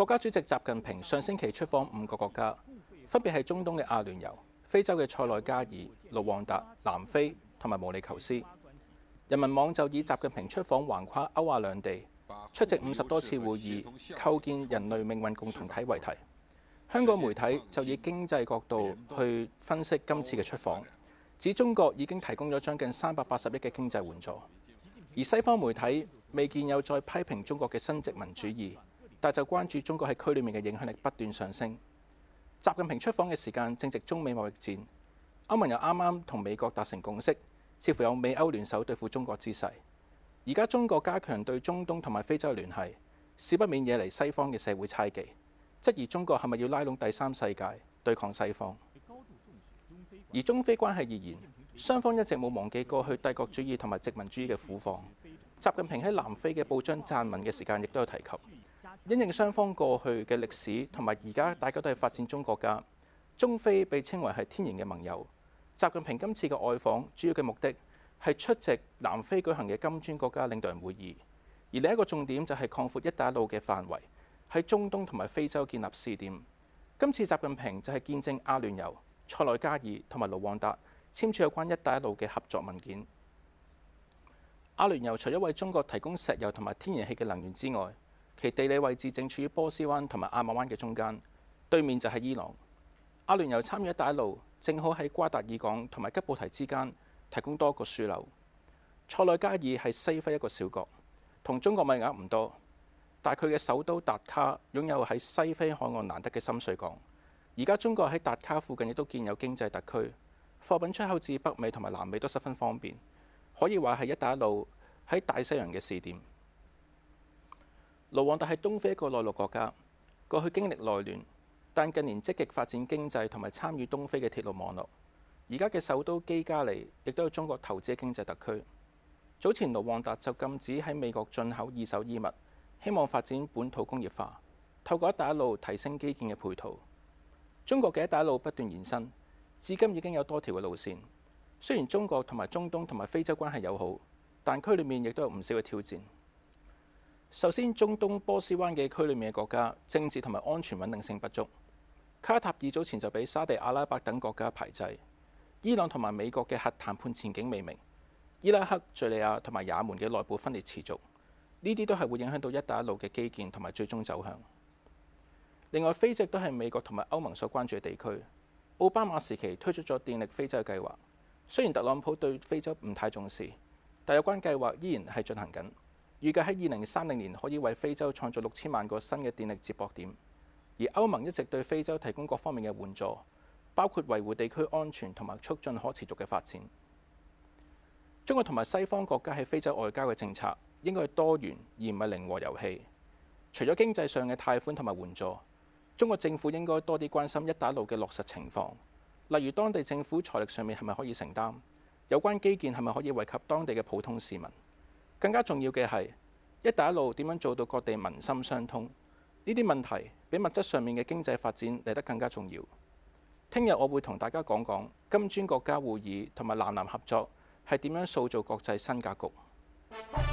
國家主席習近平上星期出訪五個國家，分別係中東嘅阿聯酋、非洲嘅塞內加爾、盧旺達、南非同埋毛里求斯。人民網就以習近平出訪橫跨歐亞兩地，出席五十多次會議，構建人類命運共同體為題。香港媒體就以經濟角度去分析今次嘅出訪，指中國已經提供咗將近三百八十億嘅經濟援助，而西方媒體未見有再批評中國嘅新殖民主義。但就關注中國喺區裏面嘅影響力不斷上升。習近平出訪嘅時間正值中美貿易戰，歐盟又啱啱同美國達成共識，似乎有美歐聯手對付中國之勢。而家中國加強對中東同埋非洲聯繫，少不免惹嚟西方嘅社會猜忌，質疑中國係咪要拉攏第三世界對抗西方。而中非關係而言，雙方一直冇忘記過去帝國主義同埋殖民主義嘅苦況。習近平喺南非嘅報章撰文嘅時間，亦都有提及。因應雙方過去嘅歷史，同埋而家大家都係發展中國家，中非被稱為係天然嘅盟友。習近平今次嘅外訪主要嘅目的係出席南非舉行嘅金磚國家領導人會議，而另一個重點就係擴闊一帶一路嘅範圍，喺中東同埋非洲建立試點。今次習近平就係見證阿聯酋、塞內加爾同埋盧旺達簽署有關一帶一路嘅合作文件。阿聯酋除咗為中國提供石油同埋天然氣嘅能源之外，其地理位置正處於波斯灣同埋亞馬灣嘅中間，對面就係伊朗。阿聯酋參與一帶一路正好喺瓜達爾港同埋吉布提之間，提供多個樞紐。塞內加爾係西非一個小國，同中國貿易額唔多，但佢嘅首都達卡擁有喺西非海岸難得嘅深水港。而家中國喺達卡附近亦都建有經濟特區，貨品出口至北美同埋南美都十分方便，可以話係一帶一路喺大西洋嘅試點。盧旺達係東非一個內陸國家，過去經歷內亂，但近年積極發展經濟同埋參與東非嘅鐵路網絡。而家嘅首都基加利亦都有中國投資嘅經濟特區。早前盧旺達就禁止喺美國進口二手衣物，希望發展本土工業化，透過一帶一路提升基建嘅配套。中國嘅一帶一路不斷延伸，至今已經有多條嘅路線。雖然中國同埋中東同埋非洲關係友好，但區裏面亦都有唔少嘅挑戰。首先，中東波斯灣嘅區裏面嘅國家政治同埋安全穩定性不足。卡塔爾早前就畀沙地阿拉伯等國家排擠。伊朗同埋美國嘅核談判前景未明。伊拉克、敘利亞同埋也門嘅內部分裂持續，呢啲都係會影響到一帶一路嘅基建同埋最終走向。另外，非洲都係美國同埋歐盟所關注嘅地區。奧巴馬時期推出咗電力非洲嘅計劃，雖然特朗普對非洲唔太重視，但有關計劃依然係進行緊。預計喺二零三零年可以為非洲創造六千萬個新嘅電力接駁點，而歐盟一直對非洲提供各方面嘅援助，包括維護地區安全同埋促進可持續嘅發展。中國同埋西方國家喺非洲外交嘅政策應該係多元而唔係零和遊戲。除咗經濟上嘅貸款同埋援助，中國政府應該多啲關心一帶一路嘅落實情況，例如當地政府財力上面係咪可以承擔，有關基建係咪可以惠及當地嘅普通市民。更加重要嘅係一帶一路點樣做到各地民心相通？呢啲問題比物質上面嘅經濟發展嚟得更加重要。聽日我會同大家講講金磚國家會議同埋南南合作係點樣塑造國際新格局。